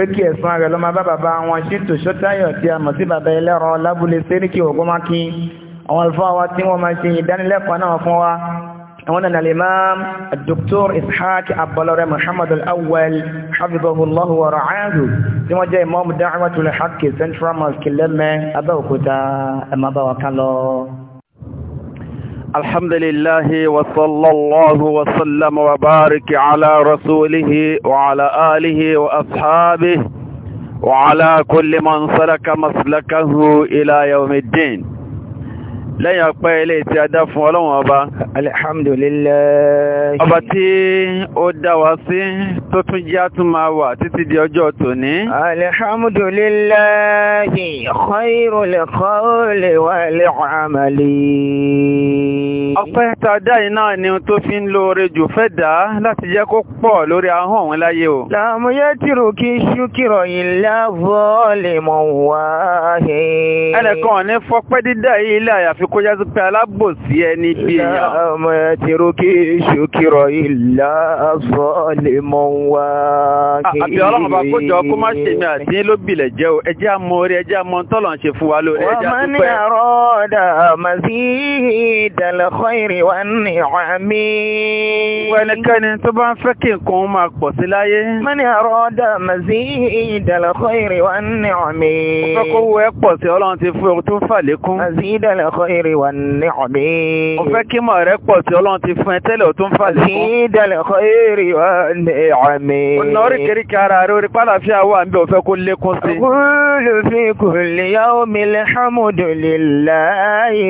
pé kí ẹ̀sùn rẹ̀ ló máa bá bàbá wọn ṣètò ṣọ́tayọ̀ tí a mọ̀ sí bàbá ẹlẹ́rọ lábúlé sẹ́ríkì ògbómákin àwọn alfáà wa tí wọ́n máa ṣe ìdánilẹ́kọ̀ọ́ náà fún wa àwọn náà al-imam dr ishaq abbalore muhammad al-awwal hafizahullahu wa ra'ahu tí wọ́n jẹ́ imam da'watul haqq central mosque lẹ́mẹ́ abẹ́òkúta ẹ̀mọ́ bá wa kán lọ́ọ́ الحمد لله وصلى الله وسلم وبارك على رسوله وعلى آله وأصحابه وعلى كل من سلك مسلكه إلى يوم الدين lẹ́yìn ọpẹ́ ilé tí a dá fún ọlọ́run ọba alhamdulillah ọba tí ó dá wa sí tó tún jẹ́ tún máa wà títí di ọjọ́ tòní alhamdulillah khairul qawli wal amali ọpẹ́ tàdá yìí náà ni tó fi ń lóore jù fẹ́ dá láti jẹ́ kó pọ̀ lórí ahọ́n òun láyé o láàmúyẹ́ tìrò kí ṣúkìrọ̀ ìlà vọ́ọ̀lì mọ̀ wáhẹ́ ẹnìkan ní fọ́pẹ́ dídá yìí ilé àyàfi kó yá sí pé alábòsí ẹni bí ọmọ ẹ ti ro kí sọ lè mọ wá kí. àbí ọlọ́run kójọ kó má ṣe mi àti lóbìlẹ̀ jẹ́ o ẹ àmọ́ orí ẹ àmọ́ tọ́lọ̀ ń ṣe fún wa lórí ẹ jẹ́ àdúpẹ́. wọ́n ní àrọ́ọ̀dà màsí ìdàlẹ́kọ́ ìrìwá ní ọ̀hámí. ẹnikẹ́ni tó bá ń fẹ́ kí nǹkan máa pọ̀ sí láyé. wọ́n ní àrọ́ọ̀dà ní ọ̀hámí. ó fẹ́ sí khairi wan ni'ami. mo fẹ́ kí mọ̀ rẹ pọ̀ sí ọlọ́run ti fún ẹ tẹ́lẹ̀ ó tún fà lé fún. zidal khairi wan ni'ami. ọ̀nà oríkèéríkèé ara rẹ orí pàlàfíà wà ń bẹ ó fẹ́ kó lékún sí. kúlù fi kulli yawmil hamdu lillahi.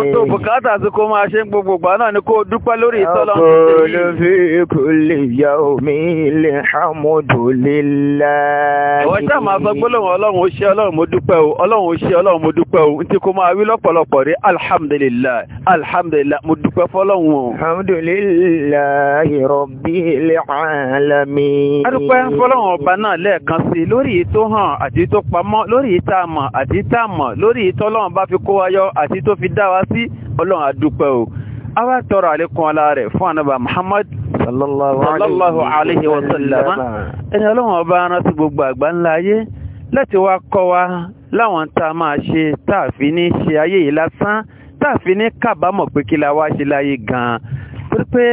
ó tó bùkátà sí kó máa gbogbo ìgbà náà ni kó dúpẹ́ lórí ìtọ́lọ́ kúlù fi kulli yawmil hamdu lillahi. ìwọ ṣáà máa sọ gbólóhùn ọlọ́run ó ṣe mo dúpẹ́ o ọlọ́run ó ṣe ọlọ́run mo dúpẹ́ o ntí kó máa wí lọ́pọ̀lọpọ̀ pọ̀ rí alhamdulillah alhamdulillah mo dúpẹ́ fọ́lọ́hun o. alhamdulillahi rabbil alamin. adúpẹ́ fọ́lọ́hun ọba náà lẹ́ẹ̀kan sí lórí èyí tó hàn àti tó pamọ́ lórí èyí tá a mọ̀ àti tá a mọ̀ lórí èyí tọ́lọ́run bá fi kó wa yọ àti tó fi dá wa sí ọlọ́run adúpẹ́ o. a tọrọ àlékún ọlá rẹ̀ fún anábà muhammad sallallahu alayhi wa sallam ẹni ọlọ́run ọba aránsí gbogbo àgbáńlá ayé láti wá kọ́ wa láwọn tá a máa ṣe tá a fi ní ṣe ayé yìí lásán tá a fi ní kábàámọ̀ pé kí la wá ṣe láyé gan-an torí pé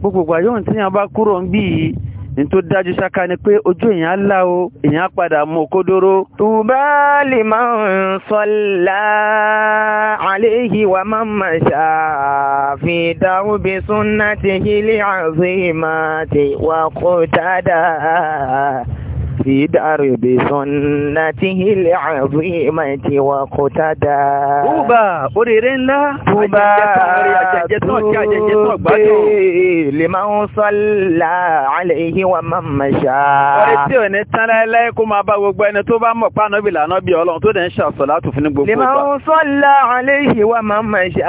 gbogbo àyọ̀hún tí yẹn bá kúrò ń bí yìí ní tó dájú ṣáká ni pé ojú èèyàn lá o èèyàn padà mú kódóró. tùbá lè máa ń sọ́lá àléhì wa máa ma ṣàfi dárúbi súnná ti hílẹ̀ àzìmá ti wà kó dáadáa. في دار بسنته العظيمة وقتدى توبى أريرنا توبى توبى لمن صلى عليه ومن مشى ọ̀rẹ́ tí ò ní tán láíláí kó máa bá gbogbo ẹni tó bá mọ̀ pánà bí lànà bí ọlọ́run tó dẹ̀ ń ṣàṣọ látò fún ní gbogbo ìgbà. لمن صلى عليه ومن مشى.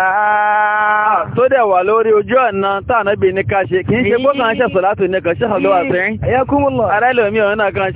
tó dẹ̀ wà lórí ojú ọ̀nà táànà bí ní ká ṣe kì í ṣe bó kàn ń ṣàṣọ látò ní kan ṣàṣọ ló wà sí. ẹ̀yà kúmùlọ̀. ará ẹlòmíràn náà kan ṣ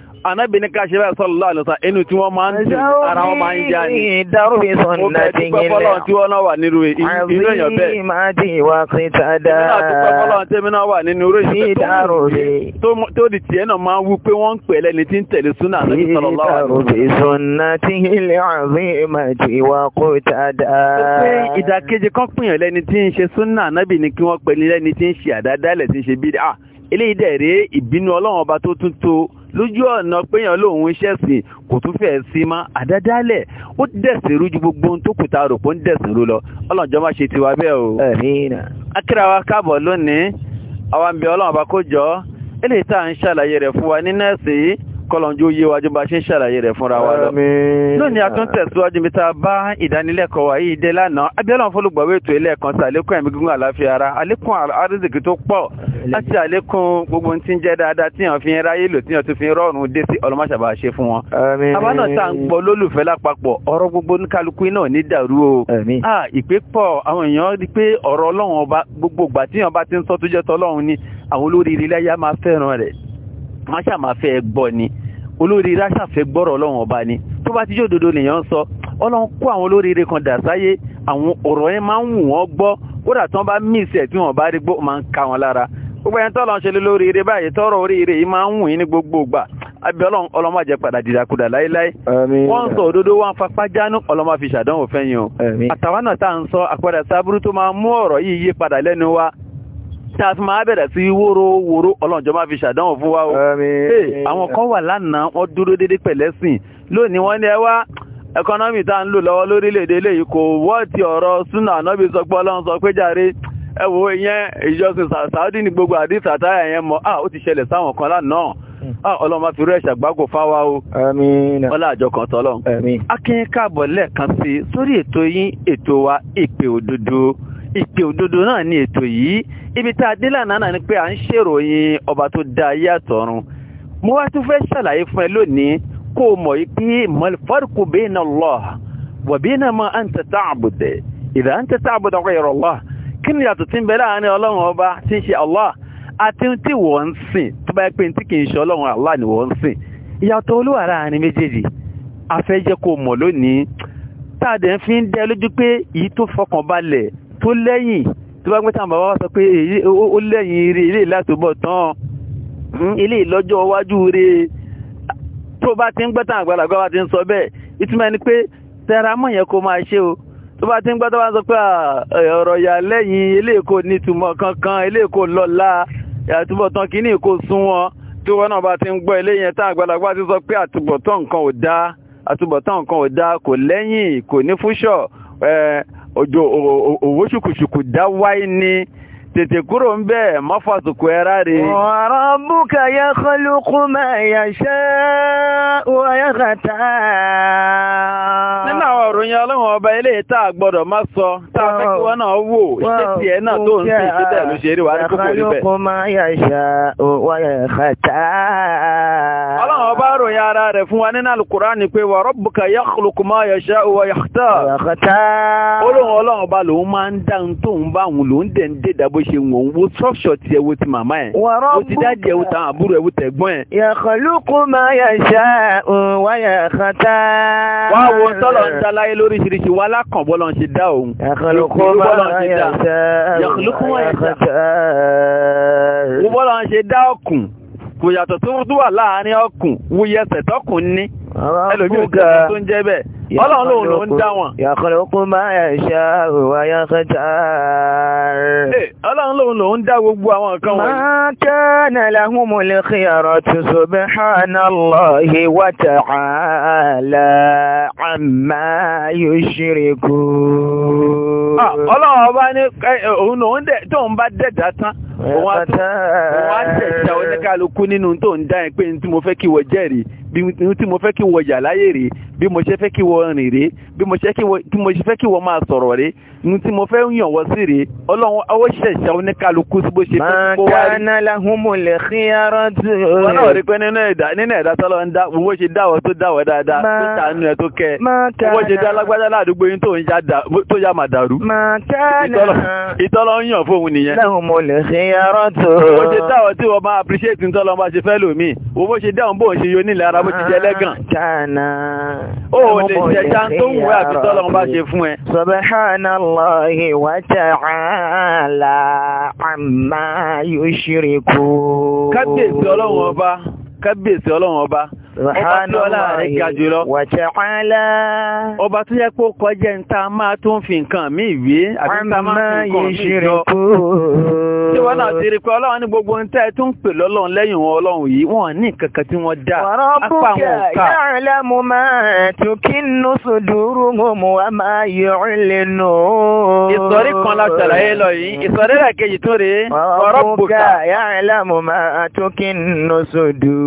Ànábì ní ká ṣe bẹ́ẹ̀ sallallahu alaihi wasallam inú tí wọ́n máa ń dùn ara wọn máa ń já ní. Ìdárúbí sọ̀nà Ó bẹ̀ dúpẹ́ fọ́lọ́run tí wọ́n náà wà nírú inú èèyàn bẹ́ẹ̀. Àbí máa di ìwà sí tada. Ó náà dúpẹ́ tí èmi wà nínú orí ìṣẹ́ tó di tiẹ̀ náà máa ń wú pé wọ́n ń pè lẹ́ni tí ń tẹ̀lé súnà Ànábì sallallahu alaihi Ìdàkejì kan pè lójú ọ̀nà péyàn lòun iṣẹ́ sìn kò tún fẹ́ sí mọ́ àdádálẹ̀ ó dẹ̀sìn rú ju gbogbo ohun tó kùtà rò pé ó ń dẹ̀sìn rú lọ ọlọ́njọ́ má ṣe tiwa bẹ́ẹ̀ o. akíra wa káàbọ̀ lónìí àwọn àmì ọlọ́run ọba eléyìí tá à ń ṣàlàyé rẹ̀ fún wa ní nẹ́ẹ̀sì yìí kọlọ̀njú yé wájú bá ṣe ń ṣàlàyé rẹ̀ fúnra wa lọ. lónìí àtúntẹ̀síwájú mi ta bá ìdánilẹ́kọ̀ọ́ wa yìí dé lánàá abẹ́lẹ̀ fọlùgbàwé ètò ilé sí àlékún ẹ̀mí gígùn àláfíà ara àlékún àrísìkì tó pọ̀ láti àlékún gbogbo tí ń jẹ́ dáadáa tí fi ń ráyè lò tí ti fi ń rọrùn dé sí ọlọ́mọṣàbà ṣe fún wọn. abánà tá ń gbọ́ lólùfẹ́ lápapọ̀ ọ̀rọ̀ gbogbo kálukú náà ní dàrú o. ìpè pọ̀ àwọn èèyàn rí pé ọ̀rọ̀ ọlọ́run ọba gbogbo ìgbà tí bá ti ń sọ tó jẹ́ tọ́lọ́run ni àwọn olórí ilé ayé á máa fẹ́ràn rẹ̀ wọ́n ṣàmáfẹ́ gbọ́ ni olórí ráṣàfẹ́ gbọ́rọ̀ ọlọ́run ọba ni tó bá ti jó dodo nìyàn sọ ọlọ́run kó àwọn olóríire kan dà sáyé àwọn ọ̀rọ̀ yẹn máa ń wù wọ́n gbọ́ kódà tí wọ́n bá mísì ẹ̀ tí wọ́n bá rí gbó máa ń ka wọn lára gbogbo ẹni tọ́lọ́n ṣe lóríire báyìí tọ́rọ̀ oríire yìí máa ń wù yín ní gbogbo ìgbà abẹ́ ọlọ́run ọlọ́mọ àjẹ tí a máa bẹ̀rẹ̀ sí wóró wóró ọlọ́njọ́ máa fi ṣàdánwò fún wa o àwọn kan wà lánàá wọ́n dúró dédé pẹ̀lẹ́sìn lónìí wọ́n ní ẹ wá ẹkọ́nọ́mì tá ń lò lọ́wọ́ lórílẹ̀‐èdè eléyìí kò wọ́ọ̀tì ọ̀rọ̀ súnà ànábì sọ pé ọlọ́run sọ pé jàre ẹ wo ìyẹn ìjọsìn sàáúdì ní gbogbo àdìs àtàyà yẹn mọ́ ah, ó ti ṣẹlẹ̀ sáwọn kan lánàá ah, ọlọ́run máa fi rú ẹ̀ṣà fáwa o ọlá àjọ kan tọ́lọ́ akínyín káàbọ̀ lẹ́ẹ̀kan sí sórí ètò yín ètò wa ìpè òdodo ìpè òdodo náà ni ètò yìí ibi tá a dé lánàá náà ni pé à ń ṣèròyìn ọba tó dá ayé àtọ̀run mo wá tún fẹ́ ṣàlàyé fún ẹ lónìí kó o mọ̀ pé mọ̀lẹ́fọ́rùkù bẹ́ẹ̀ náà lọ wọ̀bí náà máa ń tẹ̀tà àbùdẹ̀ ìdá ń tẹ̀tà àbùdẹ̀ ọkọ̀ ìrọ̀ lọ kí ni yàtọ̀ tí ń bẹ láàrin ọlọ́run ọba tí ń ṣe Allah àti tí wọ́n ń sìn tó bá yẹ pé tí kì í ṣe ọlọ́run Allah ni wọ́n ń sìn ìyàtọ̀ olúwa láàrin méjèèjì afẹ́ jẹ́ kó o mọ̀ lónìí táàdẹ̀ fi ń dẹ́ lójú pé èyí tó lẹ́yìn tó bá gbé táwọn bàbá wa sọ pé ó lẹ́yìn eré ilé ìlàtòbọ̀ tán ilé hmm, ìlọ́jọ́ iwájú rè tó bá ti ń gbọ́ táwọn àgbàlagbà wa ti ń sọ bẹ́ẹ̀ ìtumọ̀ ni pé tẹra mọ́ yẹn kó máa ṣe o tó bá ti ń gbọ́ tó bá ń sọ pé ọ̀rọ̀ yà lẹ́yìn ilé èkó nítumọ̀ kankan ilé èkó lọ́la àtúbọ̀tán kìíní èkó sún wọn tí wọn náà bá ti ń gbọ́ ilé yẹn táwọn àgbàlagbà ti sọ pé àtúbọ̀tán nǹkan ò dáa àtúbọ̀tán nǹkan ò dáa kò lẹ́yìn kò ní fúṣọ̀ òjò òwò ṣùkùṣùkù dáwáyé ni tètè kúrò ń bẹ́ẹ̀ má fàsùkú ẹ̀rá rè. wa rabbuka yakhluqu ma yasha'u wa yakhtar. nínú àwọn òròyìn ọlọ́run ọba ilé tá a gbọ́dọ̀ má sọ tá a fẹ́ kí wọ́n náà wò ṣé tiẹ̀ náà tó ń sìn ṣé tẹ̀ ló ṣe rí wàá kókò rí bẹ́ẹ̀. yakhluqu ma yasha'u wa yakhtar. ọlọ́run ọba ròyìn ara rẹ̀ fún wa nínú alukurani pé wa rabbuka yakhluqu ma máa ń dá ṣe wò ó wo structure tiẹ̀ wo ti màmá ẹ̀ wo ti dájú ẹ̀ wo ta àbúrò ẹ̀ wo tẹ̀gbọ́n ẹ̀. yakhluqu ma yasha'u wa yakhta. wá wo tọ́lọ̀ ń dáláyé lóríṣiríṣi wá lákàn bọ́lọ̀ ń ṣe dá òun. yakhluqu ma yasha'u wa yakhta. wo bọ́lọ̀ ń ṣe dá ọkùn kò yàtọ̀ tó wà láàárín ọkùn wo yẹsẹ̀ tọkùn ní ẹlòmíràn tó ń jẹ́ bẹ́ẹ̀. Ọlọ́run ló ń dá wọn. Yàkọ̀lọ́kún máa ẹ̀ṣà òwà yàkọ̀tà rẹ̀. Ọlọ́run ló ń dá gbogbo àwọn nǹkan wọ̀nyí. Máa kana lahumul khiyaratu subhanallahi wa ta'ala amma yushriku. Ah, Ọlọ́run ọba ní eh, eh, òun lòun dẹ̀ tó ń bá dẹ̀dá tán. Òun á dẹ̀dá oníkàlùkù nínú tó ń dá ẹ pé ní tí mo fẹ́ kí wọ́n jẹ́rìí bí tí mo fẹ́ kí wọ yà láyé rèé bí mo ṣe fẹ́ kí wọ rìn rèé bí mo ṣe fẹ́ kí wọ máa sọ̀rọ̀ rèé ní tí mo fẹ́ yàn wọ sí rèé ọlọ́run ọwọ́ ṣẹ̀ṣẹ̀ oníkálukú sí bó ṣe fẹ́ kó wá rí. màkàna lahumul khiyaratu. wọn náà rí pé nínú ẹ̀dá nínú ẹ̀dá tọ́lọ ń dá owó ṣe dáwọ́ tó dáwọ́ dáadáa tó tànú ẹ̀ tó kẹ́ owó ṣe mo ti jẹ lẹ́gàn. kàná. o ò lè jẹ jantó ń wẹ àti tọ́lọ́ bá ṣe fún ẹ. subhanallahi wa ta'ala amma yushriku. kábíyèsí ọlọ́run ọba kábíyèsí ọlọ́run ọba ọba tí ọlá rẹ̀ ga ọba tó yẹ kó kọjá ń ta máa tó fi nǹkan mí ìwé àti máa fi nǹkan mí ìjọ tí wọ́n náà ti rí pé ọlọ́run ní gbogbo ń tẹ́ tó ń pè lọ́lọ́run lẹ́yìn wọn ọlọ́run yìí wọ́n ní kankan tí wọ́n dá apá wọn ká. yàrá lẹ́mu máa tún kí nù sùdúrú mọ́mú wa máa yọ̀ ọ́ lẹ́nu. ìsọ̀rí kan la ṣàlàyé lọ yìí ìsọ̀rí rẹ̀ kejì tó rèé. ọ̀rọ̀ bùkà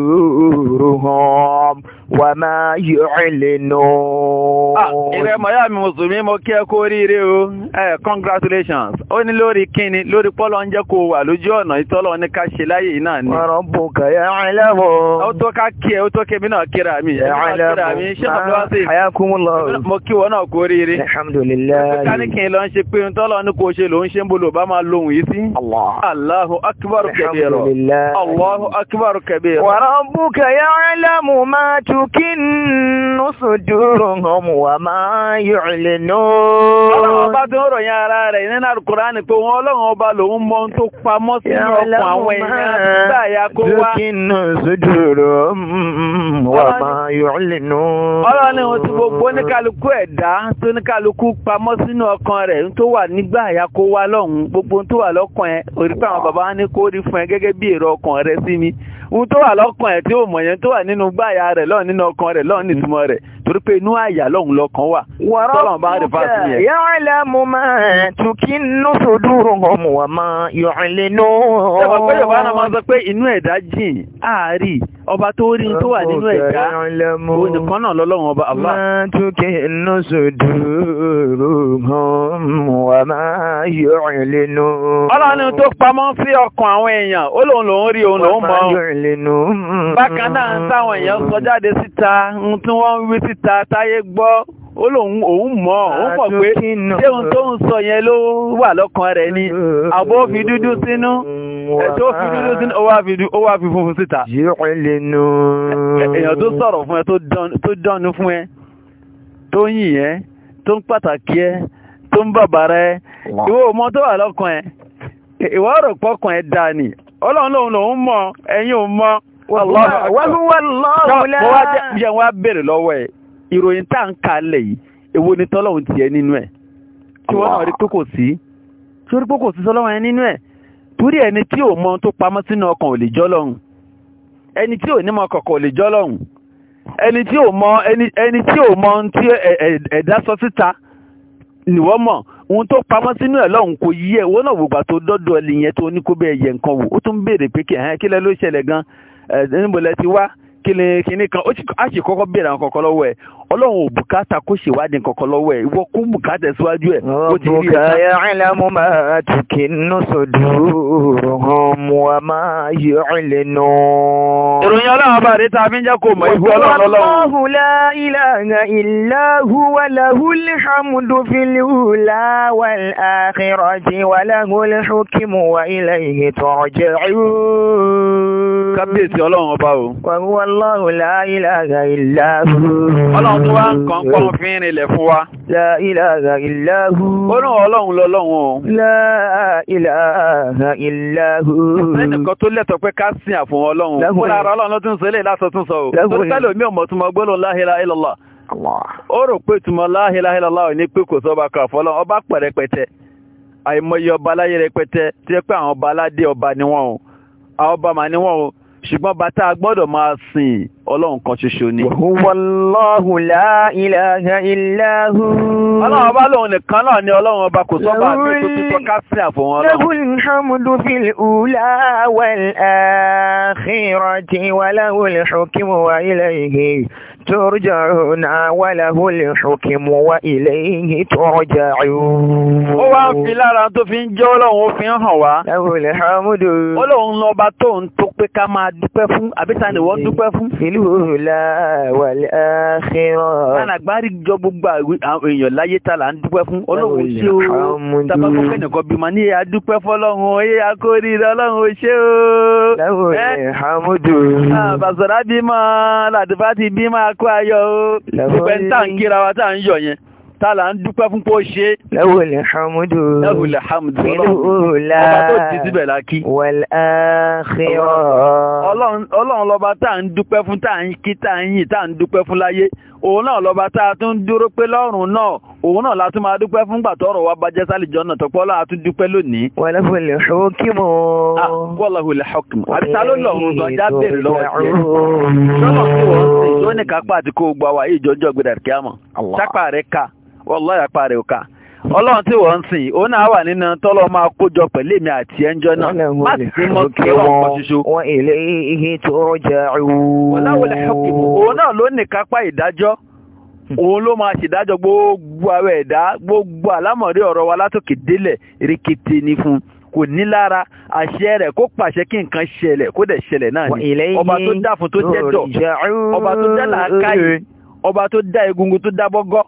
Jerusalem wà máa yọ̀ọ́ lè nù. ìrẹ́ mọ̀yá mi mùsùlùmí mo kí ẹ kú oríire o eh, congratulations ó ní lórí kíni lórí pọ́lọ́ ń jẹ́ kó wà lójú ọ̀nà ìtọ́lọ́ ní ká ṣe láyé yìí náà ni. ọ̀rọ̀ bò kàyà ẹlẹ́wọ̀. ó tó ká kí ẹ ó tó kí mi náà kíra mi. kíra mi ṣé mo lọ sí. ayakumullah. mo kí wọn náà kú oríire. alhamdulilayi. ká ní kí n lọ ń ṣe pé ntọ́lọ́ ní kò ṣe ló ń ṣe ń bolo bá máa lóhùn yìí sí. Allahu akbar kabira. alhamdulilayi. Allahu akbar kabira. wa rabbuka ya'lamu ma t tukinu suduruhum wa ma yu'linu. ọlọ́run ọba tó ń ròyìn ara rẹ̀ nínú Al-Qur'ani pé wọn ọlọ́run ọba lòun mọ tó pamọ́ sínú ọkàn àwọn èèyàn àti gbàyà kó wá. tukinu suduruhum wà máa yọ̀ lẹ́nu. ọ̀rọ̀ ni wọ́n ti gbogbo oníkálukú ẹ̀dá tó oníkálukú pamọ́ sínú ọkàn rẹ̀ tó wà nígbà àyà kó wá lọ́hùn gbogbo tó wà lọ́kàn ẹ̀ orí pé àwọn bàbá wa ní kó rí fún ẹ gẹ́gẹ́ bí èrò ọkàn rẹ sí mi ohun tó wà lọ́kàn ẹ̀ tí ó mọ̀ yẹn tó wà nínú gbàyà rẹ̀ lọ́hùn nínú ọkàn rẹ̀ lọ́hùn nítumọ̀ rẹ̀ torí pé inú àyà lọ́hùn lọ́kàn wà. wọ́rọ́ kúkẹ́ yọ̀ọ́lẹ̀ mo máa tún kí nínú ọmọ wa máa yọ̀ọ́lẹ̀ náà. ṣé bàbá yorùbá náà máa sọ pé inú ẹ̀dá jìn àárí ọba tó rí tó wà nínú ẹ̀dá onìkan náà lọ́lọ́run ọba àbá. máa tún kí inú sòdúró hàn wà máa yọ ìlénu. ọlọ́run tó pamọ́ sí ọkàn àwọn èèyàn ó lóun lòun rí òun lòun mọ̀. bákan náà ń táwọn èèyàn sọ jáde síta ń tí wọ́n ń wí síta táyé gbọ́ ó lóun òun mọ̀ òun pọ̀ pé ṣé ohun tó ń sọ yẹn ló wà lọ́kàn rẹ̀ ni àbó fi dúdú sínú tó fi dúdú sínú ó wá fi funfun síta. èèyàn tó sọ̀rọ̀ fún ẹ tó dánu fún ẹ tó yìn ẹ tó ń pàtàkì ẹ tó ń bàbàrà ẹ ìwọ ọmọ tó wà lọ́kàn ẹ ìwọ ọ̀rọ̀ pọ̀kàn ẹ dáa ni ọlọ́run lòun lòun mọ̀ ẹ̀yin ò mọ̀. wọ́n wá lọ́wọ́ wá bèrè lọ́wọ́ ẹ̀ ìròyìn tá à ń kalẹ̀ yìí èwo ni tọ́lọ́hún tiẹ̀ nínú ẹ̀ tí wọ́n náà rí pé kò sí tí ó rí pé kò sí tọ́lọ́hún ẹ nínú ẹ̀ torí ẹni tí ò mọ tó pamọ́ sínú ọkàn ò lè jọ́ lọ́hùn ẹni tí ò ní mọ kọ̀kọ̀ ò lè jọ́ lọ́hùn ẹni tí ò mọ ẹni tí ò mọ ohun tí ẹ̀dá sọ síta nìwọ́ mọ̀ ohun tó pamọ́ sínú ẹ̀ lọ́hùn kò yí ẹ̀ wọ́n náà wògbà tó dọ́dọ̀ ẹ̀ lìyẹn tó ní yẹ nǹkan wò ó tún béèrè pé kí ẹ̀ kílẹ̀ ló ṣẹlẹ̀ gan-an níbo lẹ ti wá kíni kíni kan ó sì kọ́kọ́ béèrè àwọn kọ̀ọ̀kan lọ́wọ́ ẹ̀ ọlọ́run ò bùkátà kó ṣèwádìí kankan lọ́wọ́ ẹ̀ ìwọ kún bùkátà síwájú ẹ̀ ó ti rí ẹ̀ka. ya'lamu ma tukinnu suduruhum wa ma yu'linun. ìròyìn ọlọ́run bá rí tàbí jẹ́ kó mọ̀ ìwọ ọlọ́run ọlọ́run. Allahu la ilaha illa huwa lahul hamdu fil ula wal akhirati wa lahul wa ilayhi turja'un. kábíyèsí ọlọ́run ọba o. wa huwa Allahu la ọlọ́run tó wá ń kàn pọ́n fi ń fún wa. La ilaha ó ní ọlọ́run lọ́lọ́run o. La ilaha lẹ́nìkan tó lẹ́tọ̀ pé ká sìn àfún ọlọ́run. fúnra ara ọlọ́run tún sọ eléyìí látọ̀ tún sọ o. torí pẹ́lú mi ò mọ gbọ́dọ̀ la ilaha illallah. ó rò pé ìtumọ̀ la ilaha illallah ò ní pé kò sọ́ba kan àfọlọ́ ọba pẹ̀rẹ̀pẹ̀tẹ̀ àìmọye ọba aláyẹrẹpẹtẹ tí ẹ pé àwọn ọba aládé ọba ni wọn o àwọn ọba mà ni wọn o ṣùgbọ́n bá gbọ́dọ̀ máa sìn ọlọ́run kan ṣoṣo ni. Wallahu la ilaha illa hu. ọlọ́run ọba lòun nìkan náà ni ọlọ́run ọba kò sọ́ba àti tó ti tọ́ka sí àfọ̀wọ́n ọlọ́run. lahul hamdu fil ula wal akhirati wa lahul hukmu wa ilayhi. ترجعون وله الحكم وإليه ترجعون ó wá ń fi lára tó fi ń jẹ́ ọlọ́run ó fi ń hàn wá. lahul hamdu. ọlọ́run lọ́ba tó ń tó pé ká máa dúpẹ́ fún àbíta ni wọ́n dúpẹ́ fún. fil ula wal akhirah. alàgbárí jọ gbogbo àwọn èèyàn láyé ta là ń dúpẹ́ fún. ọlọ́run ṣe o tàbá kó fẹ́ nìkan bímọ ní ìyá dúpẹ́ kú ayọ̀ o. Ìgbẹ́ ń tà ń kíra wa tá ń yọ̀ yẹn tààlà ń dúpẹ́ fún pọ́ ṣe lẹ́wọ̀lẹ̀ hamdu lẹ́wọ̀lẹ̀ hamdu ọba tó ti síbẹ̀ lákí ọlọ́run lọ́ba tá à ń dúpẹ́ fún tá à ń kí tá à ń yìn tá ń dúpẹ́ fún láyé òun náà lọ́ba tá a tún dúró pé lọ́rùn náà òun náà látún máa dúpẹ́ fún gbàtọ́rọ̀ wa bàjẹ́ sálìjọ́ náà tọ́pọ́ láà tún dúpẹ́ lónìí. wàlẹ́hùlẹ̀ ṣókìmọ̀. wàlẹ́hùlẹ̀ ṣókìmọ̀. àbí ta ló lọ́rùn gan jáde lọ́wọ́ tiẹ̀. lọ́nà tí wọ́n ń sè tó ní kápá àti kó gbà wá ìjọ́jọ́ gbẹdàkíámọ̀. sápá rẹ̀ ká. wallahi apá rẹ̀ ọlọ́run tí wọ́n ń sìn òun náà wà nínú tọ́lọ́ máa kójọ pẹ̀lú èmi àti ẹnjọ́ náà má sì sí kí ọ̀rọ̀ kan ṣoṣo. wọ́n èlé ihe òun ló máa ṣèdájọ́ gbogbo àwọn ẹ̀dá gbogbo àlámọ̀rí ọ̀rọ̀ wa látòkè délẹ̀ rikete ni kò ní lára àṣẹ rẹ̀ kó pàṣẹ kí nǹkan ṣẹlẹ̀ kó dẹ̀ tó dá fún tó jẹ́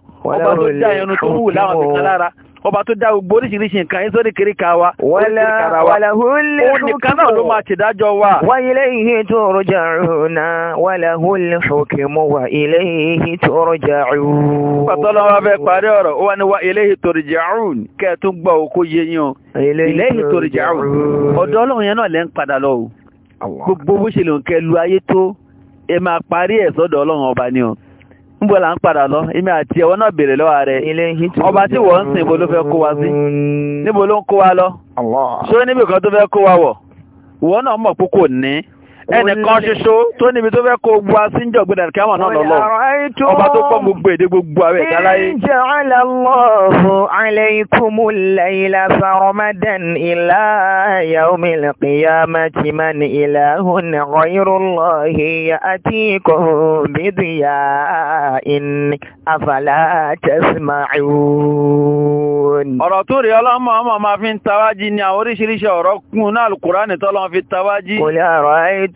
ọba tó dá gbogbo oríṣiríṣi nǹkan yín sórí kiri ka wa. wàlà wàlà hulẹ̀ hukumu òun nìkan náà ló máa ṣèdájọ́ wa. wa ilayhi turja'una wàlà hulẹ̀ hukumu wa ilayhi turja'un. pàtọ́lọ́ fẹ́ parí ọ̀rọ̀ ó wà ní wa ilayhi turja'un tó ẹ máa níbo là ń padà lọ èmi àti ẹ̀wọ́ náà béèrè lọ́wọ́ rẹ̀ ọba tí wọ́n ń sìn níbo ló fẹ́ kó wá sí níbo ló ń kó wá lọ ṣé níbi kan tó fẹ́ kó wá wọ̀ wọ́n náà mọ̀ pé kò ní ẹnìkan ṣoṣo tó níbi tó fẹ́ kó gbọ́ síjọ́ gbẹ̀dẹ̀ kí wọ́n náà lọ́lọ́ ọba tó pọ̀ gbogbo èdè gbogbo àwẹ̀ ìdáláyé. ìjọ aláwọ̀ aláìkúmù lẹ́yìnlá sàrọ́mádàn yaomi lẹ́kìyà màtìmá ní hùn ọ̀yìnrúlọ́hì àti ikọ̀ bídìyà in afala tẹ̀símáìún. ọ̀rọ̀ tó rí ọlọ́mọ ọmọ máa fi ń tawájí ni àwọn oríṣiríṣi ọ̀rọ̀ kún náà al tọ́lọ́ fi tawájí. kò lè àrọ̀ ayé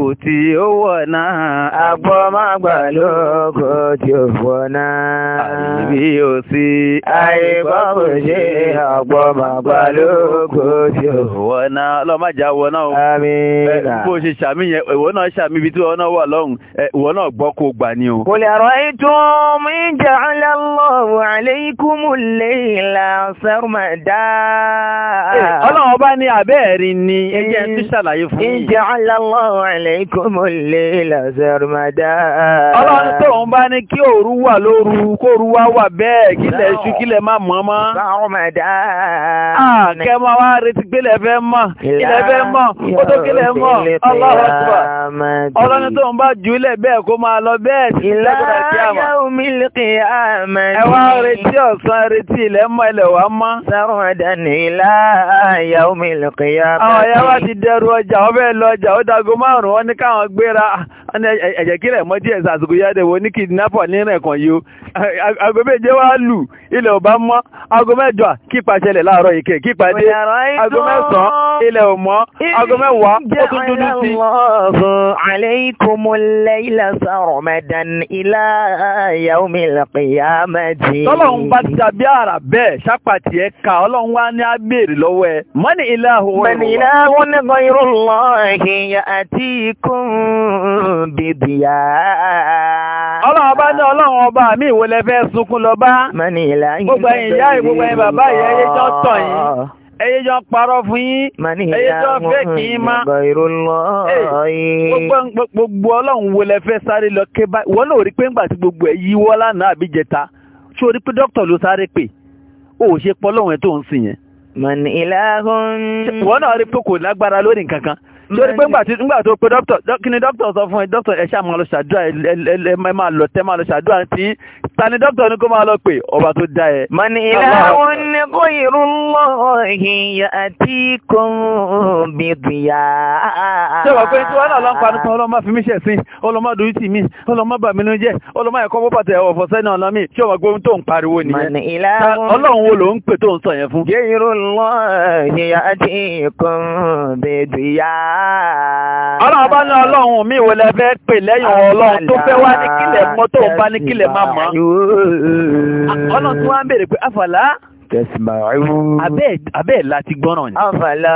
lóko tí ó wọ̀ náà. Àgbọ̀ máa gbà lóko tí ó wọ̀ náà. Àìbí ò sí. Àìbọ̀ kò ṣe àgbọ̀ máa gbà lóko tí ó wọ̀ náà. Ọlọ́run má jà wọ náà o. Àmín. Bó ṣe ṣàmì yẹn, ìwọ náà ṣàmì ibi tí ọ̀nà wà lọ́hùn, ìwọ náà gbọ́ kó gbà ni o. Qul ara'aytum in ja'ala Allahu alaykumul layla sarmada. Ọlọ́run ọba ní abẹ́ẹ̀rin ni, ẹ jẹ́ tún ṣàlàyé fún mi. In ja'ala Allahu alaykum alaykumul layla sarmada. ọlọ́run tó ń bá ní kí òru wà lóru kóru wá wà bẹ́ẹ̀ kílẹ̀ ṣú kílẹ̀ má mọ́ mọ́. sarmada. máa wá retí gbélé fẹ́ mọ̀ ilẹ̀ mọ̀ ó tó kílẹ̀ mọ̀ ọlọ́run tó ń bá jù ilẹ̀ bẹ́ẹ̀ kó máa lọ bẹ́ẹ̀ sí lẹ́gbẹ̀rẹ̀ kí a ẹ wá retí ọ̀sán retí ilẹ̀ mọ́ wọ́n ní káwọn gbéra wọ́n ní ẹ̀jẹ̀ kí rẹ̀ mọ́ díẹ̀ sàṣùkú yáde wo ní kìdínápọ̀ ní rẹ̀kàn yìí o aago méje wá lù ilẹ̀ ò bá mọ́ aago mẹ́jọ kí ìpàṣẹlẹ̀ láàárọ̀ yìí kí ìpàdé aago mẹ́sàn-án ilẹ̀ ò mọ́ aago mẹ́wàá ó tún dúdú sí. alaykumul qiyamati. bá ti dàbí àrà bẹ́ẹ̀ ṣàpàtì ẹ̀ ká ọlọ́run wá ní ábèrè lọ́wọ́ ẹ̀ mọ́ni ilahun. mọ́ni ilahun ghayrullahi ya'tikum bíbíyà. ọlọ́run ọba ní ọlọ́run ọba mi ìwò lẹ sunkún lọ bá. mọ́ni ìlà yín gbogbo ẹ̀yin ìyá yìí gbogbo ẹ̀yin bàbá yìí ẹyẹ jọ tọ̀ yín ẹyẹ jọ parọ́ fún yín ẹyẹ jọ fẹ́ gbogbo ọlọ́run wo lẹ sáré lọ ké báyìí wọ́n náà rí pé ńgbà tí gbogbo ẹ̀ yíwọ́ lánàá àbíjẹta ṣó rí pé dókítà ló sáré pè ó ṣe pọ́ lọ́wọ́n ẹ̀ tó ń sìn yẹn. mọ̀nìlá hún torí pé ńgbà tó pé dókítà kí ni dókítà sọ fún ẹ dókítà ẹ ṣáà máa lọ ṣàdúrà ẹ máa lọ tẹ máa lọ ṣàdúrà tí ta ni dókítà ní kó máa lọ pé ọba tó dá ẹ. mani ìlàwọ̀ ní kò irú lọ́ọ̀hìn àti kò bìbìyà. ṣé wàá pé tí wọn náà lọ ń panu tán ọlọ́mọ fi mí ṣẹ̀sìn ọlọ́mọ dùn tì mí ọlọ́mọ bà mí jẹ́ ọlọ́mọ ẹ̀kọ́ bó bàtẹ̀ ọ̀fọ̀ sẹ́ni ọ̀lọ́mì tí ọmọ gbóhùn tó ń pariwo nìyẹn. ọlọ́run wo ló ọlọ́run bá ní ọlọ́run mi wò lẹ́fẹ́ pè lẹ́yìn ọlọ́run tó fẹ́ wá ní kílẹ̀ mọ́ tó bá ní kílẹ̀ má mọ́ ọlọ́run tí wọ́n ń béèrè pé àfàlà tẹ̀sìmàrún. abẹ́ láti gbọ́ràn ni. àfàlà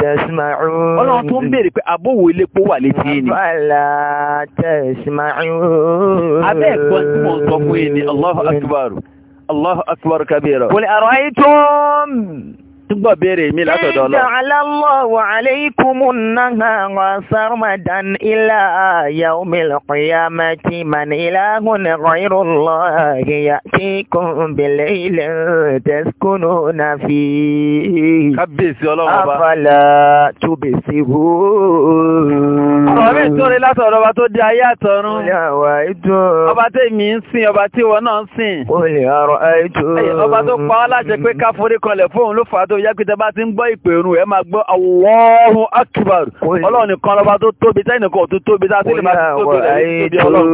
tẹ̀sìmàrún. ọlọ́run tó ń béèrè pé abówó ilépo wà létí ni. àfàlà tẹ̀sìmàrún. abẹ́ ẹ̀gbọ́n tí mo sọ fún yìí ni Allahu akbar Allahu akbar kabira. qul ara'aytum túbọ̀ béèrè mi látọ̀dọ̀ lọ. ja'ala Allahu alaykumun nahara sarmadan ila yawmil qiyamati man ilahun ghayru Allahi ya'tikum bilaylin taskununa fi. kábíyèsí ọlọ́run ọba. afala tubsirun. ọ̀rọ̀ mi tó látọ̀dọ̀ ọba tó di ayé àtọ̀run. ọba tèmi ń sìn ọba tí ìwọ náà ń sìn. ọba tó pa ọ́ láṣẹ pé ká kanlẹ̀ fóun ló fà á tó jẹ́ pé tẹ bá ti ń gbọ́ ìpè òun ẹ máa gbọ́ Allahu Akbar ọlọ́run nìkan lọ́ba tó tóbi tẹ́yìn kan tó tóbi tá a sílẹ̀ máa tóbi rẹ̀ níbi ọlọ́run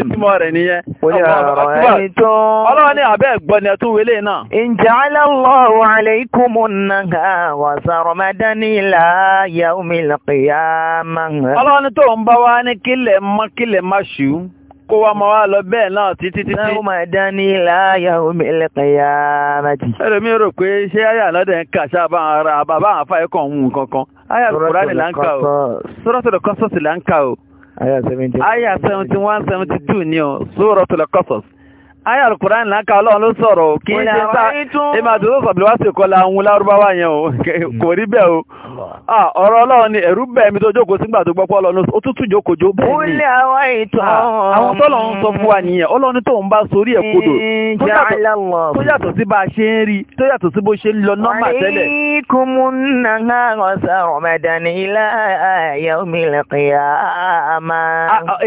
ìtumọ̀ rẹ̀ nìyẹn ọlọ́run ní abẹ́ ẹ̀gbọ́n ni ẹ̀tún wẹlé náà. Ja'ala Allahu alaykumun nahara wa sarmadan ila yawmil qiyamah. ọlọ́run tó ń bá wa ní kílẹ̀ mọ́ kílẹ̀ má ṣù kó wá máa wá lọ bẹ́ẹ̀ náà títí títí. náà ó máa dán ní láàyà omi ẹlẹ́kẹ̀yà méjì. ẹlòmíì rò pé ṣé àyà lọ́dẹ̀ ń kà sábà ara bàbá àwọn afáyé kan ń kankan. àyà kùránì là ń kà o Suratul Qasas là ń kà o. àyà seventy one seventy two ni o Suratul Qasas. Aya al Quran la ka soro ló sọ̀rọ̀ kí n ṣe sá ẹ̀mí àti ọ̀sọ̀ bí wá sí ìkọlà àwọn lárúbáwá yẹn o kò rí bẹ́ẹ̀ o ah, ọ̀rọ̀ ọlọ́run ni ẹ̀rú bẹ́ẹ̀ mi tó jókòó sígbà tó gbọ́pọ̀ ọlọ́run ó tútù jókòjó bẹ́ẹ̀ ni ah, àwọn tọ́lọ̀ ń sọ fún wa nìyẹn ọlọ́run tó ń bá sórí ẹ̀ kodò to yàtọ̀ sí bá a ṣe ń rí tó yàtọ̀ sí bó ṣe ń lọ nọ́mà tẹ́lẹ̀.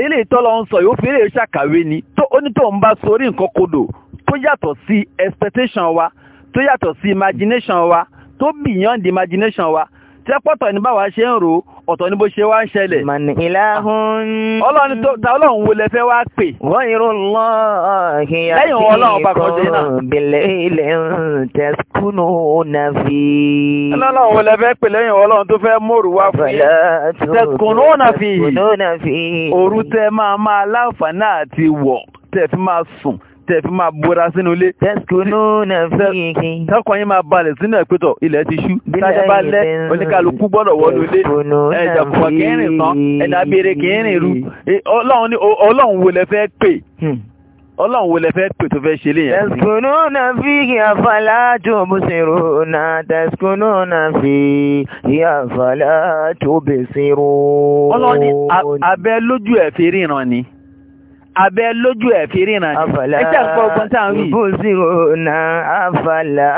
ilé ìtọ́lọ́ ń sọ yóò fi ilé ìṣàkàwé ni to ní tó ń bá sórí nǹkan ìsọ̀rọ̀kodò tó yàtọ̀ sí expectation wa tó yàtọ̀ sí imagination wa tó beyond imagination wa tẹ́ pọ́tọ̀ ní báwa ṣe ń rò ọ̀tọ̀ ní bó ṣe wá ń ṣẹlẹ̀. màní ìlàhùn. ọlọ́run tó ta ọlọ́run wo lẹ fẹ́ wá pè. wọ́n irú lọ ìyá tí kò bìlẹ̀ ilẹ̀ tẹ̀síkúnù nàfi. ọlọ́run wo lẹ pè lẹ́yìn ọlọ́run tó fẹ́ mòrù wá fún yẹn. tẹ̀síkúnù nàfi. òru tẹ máa máa láǹfààní àti wọ̀ tẹ̀ fi máa sùn tẹ̀fí máa bóra sínú ilé. tẹ́sùkúnú náà fi ike. tọkọ yín máa balẹ̀ sínú ẹ̀pẹ́tọ̀ ilẹ̀ ti ṣú. tájà bá lẹ́ oníkàlùkù gbọ́dọ̀ wọnú ilé. ẹ̀jà pọ̀ kìíní tán ẹ̀dá béèrè kìíní ru. ọlọ́run wo lẹ fẹ́ pè. Hmm. ọlọ́run wo lẹ fẹ́ pè tó fẹ́ ṣe léyìn. tẹ́sùkúnú náà fi ike àfàlà tó bó ṣe rò náà tẹ́sùkúnú náà fi ike àfàlà tó bẹ̀ ṣe rò. ọlọ́run abẹ́ lójú ẹ̀ fi ríran ni abẹ́ lójú ẹ̀ fi ríran ẹ jẹ́ nǹkan ọgbọ́n tá à ń wí. bó sì rò náà àfàlà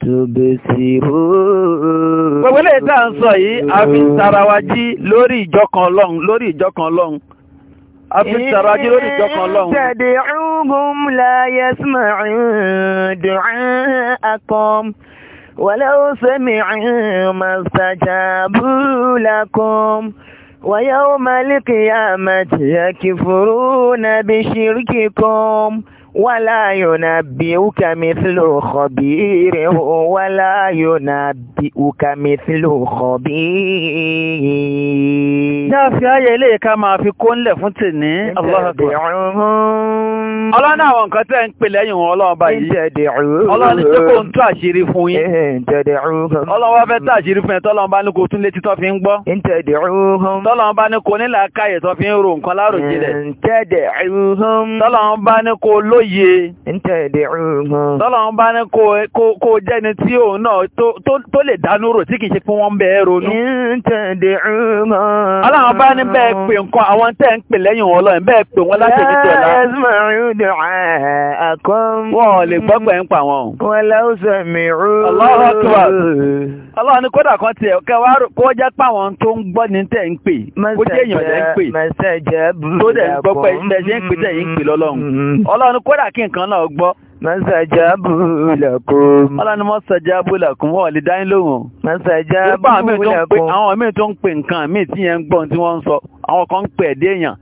tó bẹ sí rò. gbogbo ilé tá à ń sọ yìí a fi tara lórí ìjọkan ọlọ́run lórí ìjọkan ọlọ́run a fi tara lórí ìjọkan ọlọ́run. ìṣẹ̀dẹ̀ ọ̀hún láyé sùnmọ̀ dùn àkọ́. ولو سمعوا ما استجابوا لكم ويوم القيامة يكفرون بشرككم wàlá yònàbí ukàmìtìlò kọ̀bí rẹ̀ wàlá yònàbí ukàmìtìlò kọ̀bí. Yá fi ayé ilé ìka máa fi kó ńlẹ̀ fún tìní. Ọlọ́run àwọn nǹkan tẹ́ ń pè lẹ́yìn wọn ọlọ́run báyìí. Ọlọ́run ní kó ń tú àṣírí fún yín. Ọlọ́run wá fẹ́ tú àṣírí fún ẹ̀ tọ́lọ́run bá ní kó tún létí tó fi ń gbọ́. Tọ́lọ́run bá ní kó nílà káyè tó fi ń ro nǹkan láròjinlẹ̀. Tọ́lọ́run bá ní kó lóyè lóye tọ́lọ́run bá ní kó jẹ́ ni tí òun náà tó lè dánú rò tí kì í ṣe pé wọ́n ń bẹ ẹ́ ronú. ọlọ́run bá ní bẹ́ẹ̀ pè nǹkan àwọn tẹ́ ń pè lẹ́yìn wọn lọ́yìn bẹ́ẹ̀ pè wọ́n láti ẹ̀mí tẹ̀lá. wọ́n lè gbọ́ pẹ̀ ń pa wọn. wọ́n lọ́wọ́ sẹ̀mí rú. ọlọ́run ní kódà kan tiẹ̀ kẹwàá kó jẹ́ páwọn tó ń gbọ́ pẹ̀ ṣe ń pè kódà kí nǹkan náà gbọ́. Masajabu lakum. Ọlọ́ni masajabu lakum wọ́n lè dáyín lóhùn. Masajabu lakum. Àwọn míì tó ń pè nǹkan míì tí yẹn ń gbọ́n tí wọ́n ń sọ. Àwọn kan ń pè ẹ̀dẹ́ èèyàn.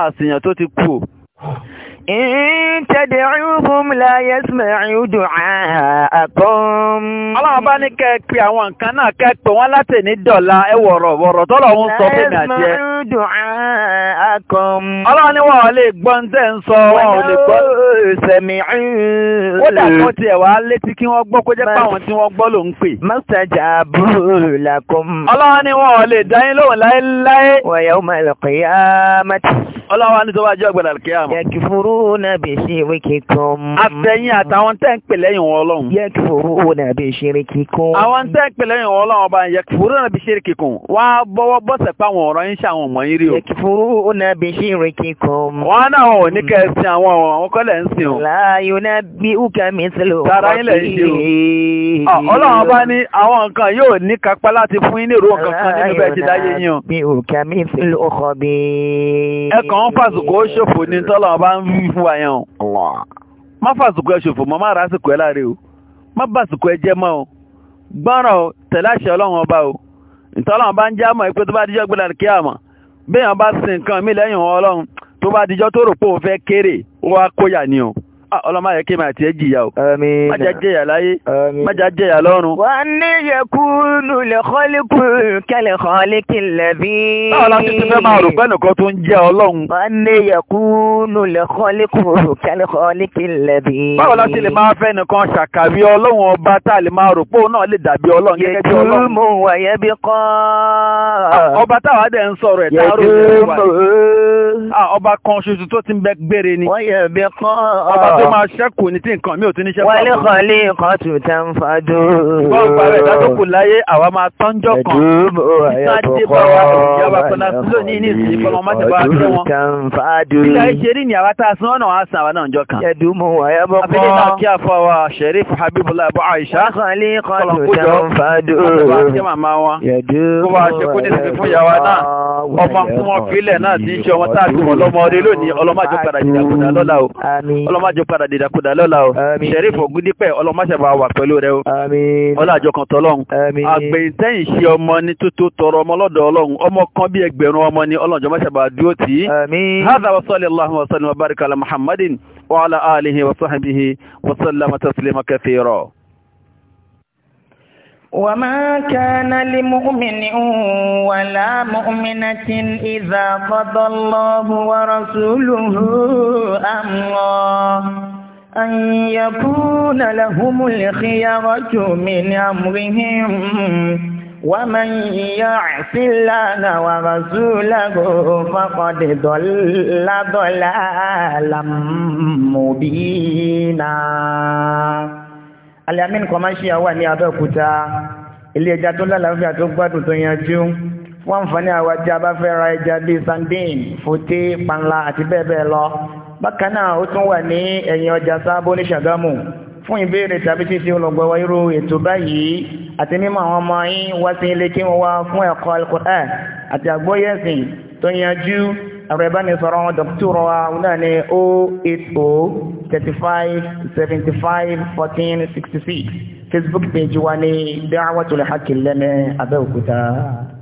Àṣìyàn tó ti kú in tad'uuhum la yasma'u du'aakum. ọlọ́run bá ní kẹ́ ẹ pe àwọn nǹkan náà kẹ́ ẹ pè wọ́n láti ní dọ̀la ẹ wọ̀rọ̀ wọ̀rọ̀ tọ́lọ̀ ń sọ fún mi àti ẹ. la yasma'u du'aakum. ọlọ́run ní wọn ò lè gbọ́ ń tẹ́ ń sọ wọn ò lè gbọ́. sami'u. ó dà kó tiẹ̀ wá létí kí wọ́n gbọ́ nàbì ṣeré kíkún. àtẹ̀yìn àtàwọn tẹ́ ń pè lẹ́yìn wọn ọlọ́run. yẹ kúrú nàbì ṣeré kíkún. àwọn tẹ́ ń pè lẹ́yìn wọn ọlọ́run ọba yẹ kúrú nàbì ṣeré kíkún. wá bọ́wọ́ bọ́sẹ̀ pa ọ̀rọ̀ yín ṣe àwọn ọmọ yín rí o. yẹ kúrú nàbì ṣeré kíkún. wọn náà wọn ní kẹ́ àwọn àwọn ń sìn o. láàyò náà bí ukẹ́ mi ti lò ọlọ́run bá ní àwọn nǹkan yóò ní kápá láti fún yín ní ìró nǹkan kan nínú bẹ́ẹ̀ ti dáyé yín o. ò kẹ́ wí fún wa yẹn o má fàsùkú ẹ ṣòfò mọ́ má o má bàsùkú ẹ jẹ́ mọ́ o gbọ́ràn o tẹ̀lé àṣẹ ọlọ́run ọba o ìtọ́lọ́run bá ń já mọ̀ pé tó bá díjọ́ gbọ́dọ̀ kí àmọ́ béèyàn bá sin nǹkan mí lẹ́yìn ọlọ́run tó bá díjọ́ tó rò pé òun fẹ́ kéré ó wá kóyà ni o. Ah, ọlọ́mọ ayẹ kí màá tiẹ̀ jìyà o májà jẹyà láyé májà jẹyà lọ́run. wà á ní yẹkùnù lẹ́kọ́lẹ́kù kẹlẹ̀ kọ́lẹ́kì lẹ́bí. báwo la ti ti fẹ́ máa rò pé nìkan tó ń jẹ́ ọlọ́run. wà á ní yẹkùnù lẹ́kọ́lẹ́kù kẹlẹ̀ kọ́lẹ́kì lẹ́bí. báwo la ti lè máa fẹ́ nìkan ṣàkàwé ọlọ́run ọba tá a lè máa rò pé òun náà lè dàbí tó máa ṣẹ́kù ní tí nǹkan mi ò ti ní ṣẹ́kù. wọlé kan lé nǹkan tù tẹ́ ń fa dúró. wọ́n gba rẹ̀ dátókù láyé àwa máa tọ́njọ́ kan. ìtàjẹ́ bá wa ìyá wa kọ́lá sílò ní ní ìsìn kọ́mọ mọ́tẹ́ bá dúró wọn. ilé ayé ṣe rí ni àwa tá a sún ọ̀nà àṣà àwa náà jọ kan. yẹ̀dùmọ̀ wọ̀nyẹ́ bọ́ kọ́. abẹ́lẹ́ náà kí àfọ padà dìdàkudà lọ́la o Sheriff Ògúndípẹ̀ ọlọ́mọṣẹ́bà wà pẹ̀lú rẹ o ọlọ́àjọ kan tọ́lọ́hún àgbẹ̀ntẹ́yìn ṣe ọmọ ní tuntun tọrọ ọmọ lọ́dọ̀ ọlọ́hún ọmọ kan bí ẹgbẹ̀rún ọmọ ní ọlọ́jọ́ mọ́ṣẹ́bà dúró tì í hadha wa sallallahu wa sallam wa barika ala muhammadin wa ala alihi wa sahbihi wa sallama taslima kathira. وما كان لمؤمن ولا مؤمنة إذا قضى الله ورسوله أمرا أن يكون لهم الخيرة من أمرهم ومن يعص الله ورسوله فقد ضل ضلالا مبينا Al-Amin Commercial wà ní Abẹ́òkúta ilé ẹja tó lálàáfíà tó gbádùn tó yanjú fún àǹfààní àwọn ajá bá fẹ́ ra ẹja bíi sandin fòté panla àti bẹ́ẹ̀ bẹ́ẹ̀ lọ bákan náà ó tún wà ní ẹ̀yìn ọjà sábó ní ṣàgámù fún ìbéèrè tàbí títí olùgbọ̀wọ́ irú ètò báyìí àti mímọ̀ àwọn ọmọ yín wá sí ilé kí wọ́n wá fún ẹ̀kọ́ Al-Qur'an àti àgbóyẹ̀sìn tó yanjú ẹ̀rọ dọ̀kítọ̀rọ̀ wa ní 080 Facebook page wa ní Da'watul Haqq lẹ́nu Abẹ́òkúta.